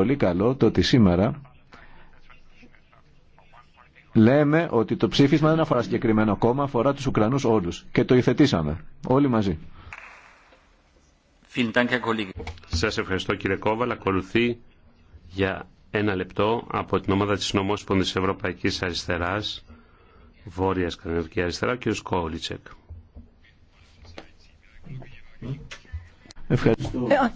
πολύ καλό το ότι σήμερα λέμε ότι το ψήφισμα δεν αφορά συγκεκριμένο κόμμα, αφορά τους Ουκρανούς όλους. Και το υφετήσαμε όλοι μαζί. Σας ευχαριστώ κύριε Κόβαλ. Ακολουθεί για ένα λεπτό από την ομάδα της Νομόσπονδης Ευρωπαϊκής Αριστεράς, Βόρειας Καναδική Αριστερά, ο κ. Κόολιτσεκ. Ευχαριστώ. Ε,